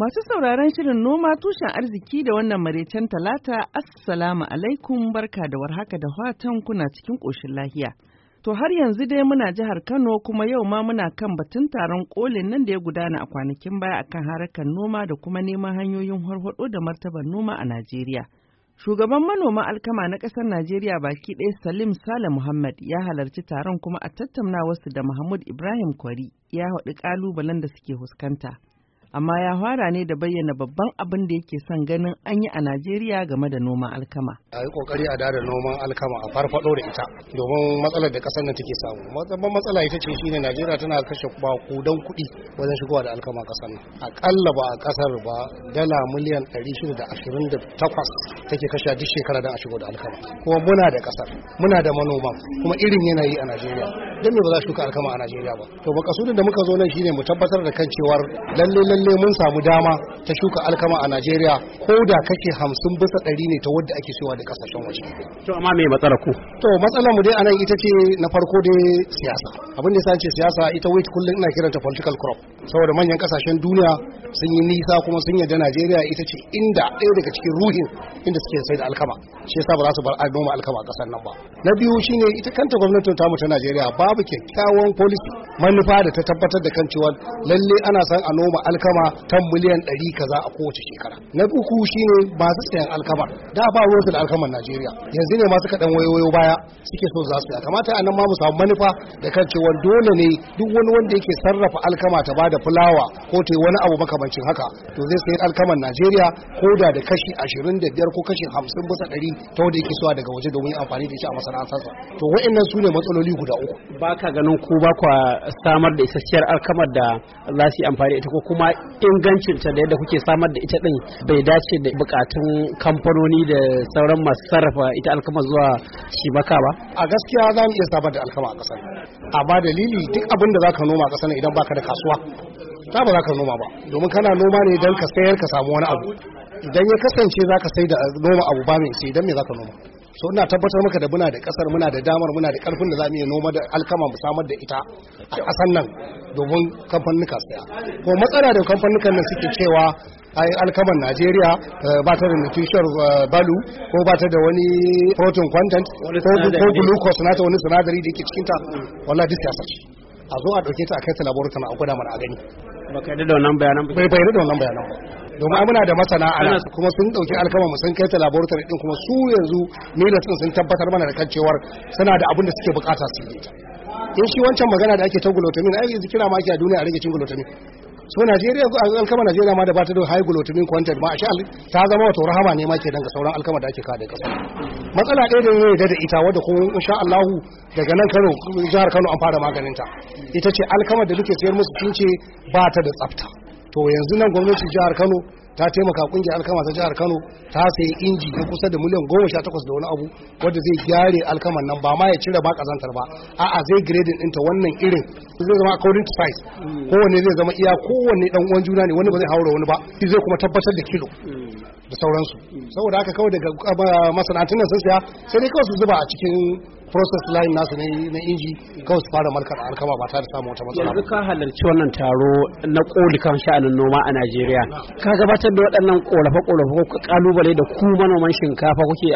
Masu sauraron shirin noma tushen arziki da wannan maraicen talata, Assalamu alaikum barka da warhaka da watan kuna cikin ƙoshin lahiya. To har yanzu dai muna jihar Kano kuma yau ma muna kan batun taron kolin nan da ya gudana a kwanakin baya akan harkar noma da kuma neman hanyoyin harhaɗo da martabar noma a Najeriya. Shugaban manoma alkama na ƙasar Najeriya baki ɗaya Salim Sale Muhammad ya halarci taron kuma a tattauna wasu da Mahmud Ibrahim Kwari ya haɗu ƙalubalen da suke fuskanta. amma ya fara ne da bayyana babban abin da yake son ganin an yi a Najeriya game da noman alkama. A yi kokari a dada noman alkama a farfado da ita domin matsalar da kasar nan take samu. Babban matsala ita ce shine Najeriya tana kashe don kuɗi wajen shigowa da alkama kasar nan. Akalla ba a kasar ba dala miliyan 628 take kashe duk shekara da a shigo da alkama. Kuma muna da kasar, muna da manoma, kuma irin yanayi a Najeriya. Dan me ba za a shuka alkama a Najeriya ba? To kasudin da muka zo nan shine mu tabbatar da kan cewar lalle lalle mun samu dama ta shuka alkama a Najeriya ko da kake hamsin bisa ɗari ne ta wadda ake siyowa da kasashen waje. To amma me matsala ku? To matsalar mu dai anan ita ce na farko dai siyasa. Abin da ce siyasa ita wait kullum ina kiranta political crop. Saboda manyan kasashen duniya sun yi nisa kuma sun yarda Najeriya ita ce inda ɗaya daga cikin ruhin inda suke sai da alkama. Shi yasa ba za su bar noma alkama a ƙasar nan ba. Na biyu shine ita kanta gwamnatin tamu ta Najeriya babu kyakkyawan policy manufa da ta tabbatar da kan cewa lalle ana san a noma alkama tan miliyan ɗari kaza a kowace shekara na uku shine masu sayan alkama da ba su da alkaman najeriya yanzu ne masu kaɗan wayoyo baya suke so za su ya kamata a nan ma mu samu manufa da kan cewa dole ne duk wani wanda yake sarrafa alkama ta bada fulawa ko ta wani abu makamancin haka to zai sayi alkaman najeriya ko da da kashi ashirin da biyar ko kashi hamsin bisa ɗari ta wanda yake suwa daga waje domin amfani da shi a masana'antarsa to wa'annan su ne matsaloli guda uku ba ka ganin ku ba kwa samar da isasshiyar alkamar da za su yi amfani da ita ko kuma ingancinta da yadda kuke samar da ita din bai dace da bukatun kamfanoni da sauran masu sarrafa ita alkamar zuwa maka ba a gaskiya za mu iya samar da alkama a ƙasar amma dalili duk abin da za ka noma a ƙasar idan baka da kasuwa ta ba za ka noma ba domin kana noma ne don ka sayar ka samu wani abu idan ya kasance za ka sai da noma abu ba mai sai idan me za ka noma so ina tabbatar maka da muna da kasar muna da damar muna da karfin da za mu iya noma da alkama mu samar da ita a kasan nan domin kamfanuka saya ko matsala da kamfanukan nan suke cewa ai alkaman Najeriya eh, ba ta da nutrition balu eh, ko ba ta da wani protein content ko glucose ta wani sinadari da yake cikin ta wallahi duk ya a zo a dauke ta a kai ta laboratory a gwada mana a gani baka da wannan bayanan ba bai da wannan bayanan ba domin muna da masana nan kuma sun dauki alkama mu sun kai ta laboratory din kuma su yanzu milas sun tabbatar mana da kan cewar suna da abin da suke bukata su yi in shi wancan magana da ake ta glutamine ai yanzu kira ma ake a duniya a rage cin glutamine so Najeriya alkama Najeriya ma da ba ta da high glutamine content ma a Allah ta zama wato rahama ne ma ke dan sauran alkama da ake kada kasa matsala ɗaya da yayi da ita wanda kuma insha Allahu daga nan Kano jihar Kano an fara maganin ta ita ce alkama da duke sayar musu sun ba ta da tsafta to yanzu nan gwamnatin jihar kano ta taimaka kungiyar alkama ta jihar kano ta sayi inji na kusa da miliyan goma sha takwas da wani abu wadda zai gyare alkaman nan ba ma ya cire ba kazantar ba a'a zai grading ta wannan irin zai zama according to size kowanne zai zama iya kowanne dan uwan juna ne wani ba zai haura wani ba shi zai kuma tabbatar da kilo da sauransu saboda haka kawai daga ah, masana'antun nan sun siya sai dai kawai su zuba a cikin process line nasu na inji kawai su fara markar alkama ba tare da samun wata matsala yanzu ka halarci wannan taro na koli kan sha'anin noma a Najeriya ka gabatar da waɗannan korafe korafe ko kalubale da ku manoman shinkafa kuke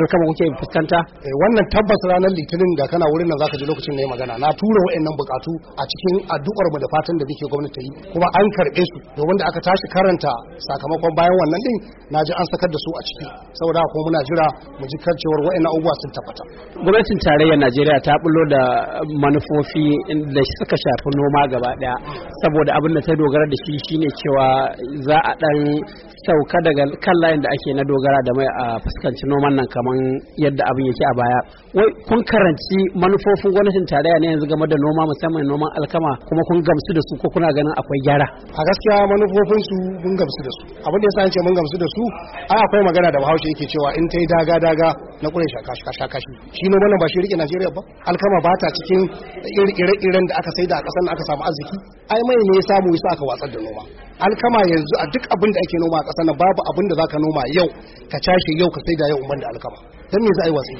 alkama kuke fuskanta eh, wannan tabbas ranar litinin da kana wurin nan zaka ji lokacin na yi magana na tura waɗannan bukatu a cikin addu'ar mu da fatan da muke gwamnati ta yi kuma an karɓe su domin da aka tashi karanta sakamakon bayan wannan din na ji an sakar da su a ciki saboda kuma muna jira mu ji karcewar waɗannan abubuwa sun tabbata gwamnatin tarayyar najeriya ta bullo da manufofi da suka shafi noma gaba daya saboda abin da ta dogara da shi shine cewa za a dan sauka daga kan layin da ake na dogara da mai a fuskanci noman nan kamar yadda abin yake a baya wai kun karanci manufofin gwamnatin tarayya ne yanzu game da noma musamman noman alkama kuma kun gamsu da su ko kuna ganin akwai gyara a gaskiya manufofin su mun gamsu da su abin da yasa ce mun gamsu da su ai akwai magana da bahaushe yake cewa in ta yi daga daga na kure shaka shaka shi shi noman ba shi rike Najeriya ba alkama ba ta cikin ire-iren da aka saida a ƙasar aka samu arziki ai mai ne ya samu yasa aka watsar da noma alkama yanzu a duk abin da ake noma a ƙasar babu abin da zaka noma yau ka cashe yau ka saida yau banda alkama dan me za a yi watsi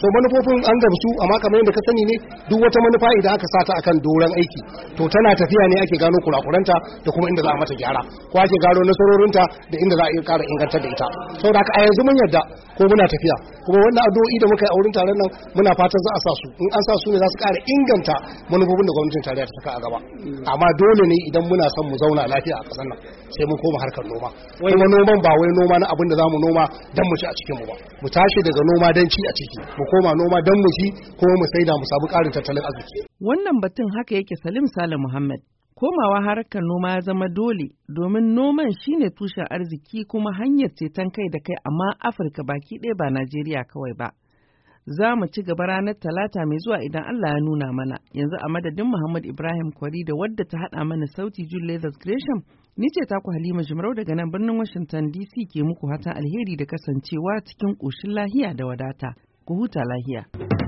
so manufofin an gamsu amma kamar yadda ka sani ne duk wata manufa idan aka sata akan doron aiki to tana tafiya ne ake gano kurakuranta da kuma inda za a mata gyara ko ake gano nasarorinta da inda za a iya ƙara ingantar da ita saboda haka a yanzu mun yarda ko muna tafiya kuma wannan addu'o'i da muka yi a wurin taron nan muna fatan za a sa su in an sa su ne za su ƙara inganta manufofin da gwamnatin tarayya ta saka a gaba amma dole ne idan muna son mu zauna lafiya a ƙasar nan sai mun koma harkar noma kuma noman ba wai noma na abin da za mu noma don mu ci a cikin mu ba mu tashi daga noma don ci a ciki mu koma noma don mu ci kuma mu saida mu samu ƙarin tattalin arziki wannan batun haka yake Salim Salim Muhammad Komawa harkar noma ya zama dole domin noman shine tushen arziki kuma hanyar ceton kai da kai amma Afirka baki ɗaya ba Najeriya kawai ba. Za mu ci gaba ranar Talata mai zuwa idan Allah ya nuna mana. Yanzu a madadin Muhammad Ibrahim Kwari da wadda ta haɗa mana sauti Jude Gresham, ni ce taku Halima Jimarau daga nan birnin Washington DC ke muku hatan alheri da kasancewa cikin ƙoshin lahiya da wadata. Ku huta lahiya.